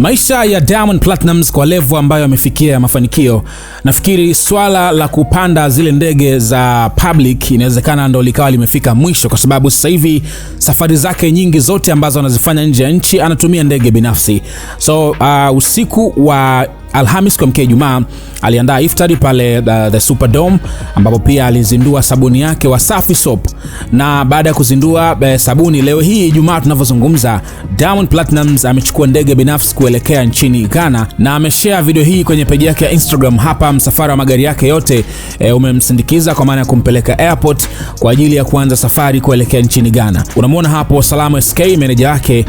Maisha ya Diamond Platnumz kwa levu ambayo amefikia ya mafanikio, nafikiri swala la kupanda zile ndege za public inawezekana ndo likawa limefika mwisho, kwa sababu sasa hivi safari zake nyingi zote ambazo anazifanya nje ya nchi anatumia ndege binafsi. So uh, usiku wa Alhamis kuamkia Ijumaa aliandaa iftari pale the, uh, the Superdome ambapo pia alizindua sabuni yake Wasafi Soap. Na baada ya kuzindua be, uh, sabuni leo hii Ijumaa tunavyozungumza, Diamond Platnumz amechukua ndege binafsi kuelekea nchini Ghana na ameshare video hii kwenye peji yake ya Instagram. Hapa msafara wa magari yake yote e, umemsindikiza kwa maana ya kumpeleka airport kwa ajili ya kuanza safari kuelekea nchini Ghana. Unamwona hapo Salamu SK meneja wake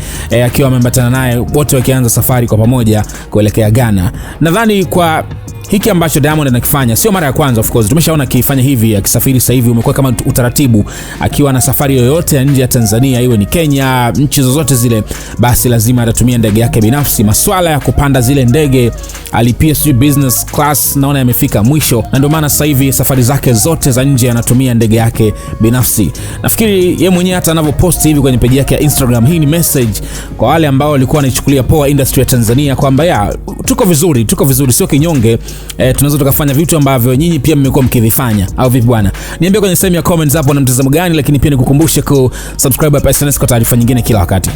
akiwa uh, ameambatana naye, wote wakianza safari kwa pamoja kuelekea Ghana nadhani kwa hiki ambacho Diamond anakifanya sio mara ya kwanza, of course tumeshaona akifanya hivi, akisafiri sasa hivi umekuwa kama utaratibu, akiwa na safari yoyote ya nje ya Tanzania, iwe ni Kenya, nchi zozote zile, basi lazima atatumia ndege yake binafsi. Maswala ya kupanda zile ndege alipia sijui business class, naona yamefika mwisho, na ndio maana sasa hivi safari zake zote za nje anatumia ndege yake binafsi. Nafikiri ye mwenyewe hata anavyoposti hivi kwenye peji yake ya Instagram, hii ni message kwa wale ambao walikuwa wanaichukulia poa industry ya Tanzania kwamba ya tuko vizuri, tuko vizuri, sio kinyonge e, tunaweza tukafanya vitu ambavyo nyinyi pia mmekuwa mkivifanya au vipi bwana? Niambie kwenye sehemu ya comments hapo na mtazamo gani, lakini pia nikukumbushe ku subscribe hapa SnS kwa taarifa nyingine kila wakati.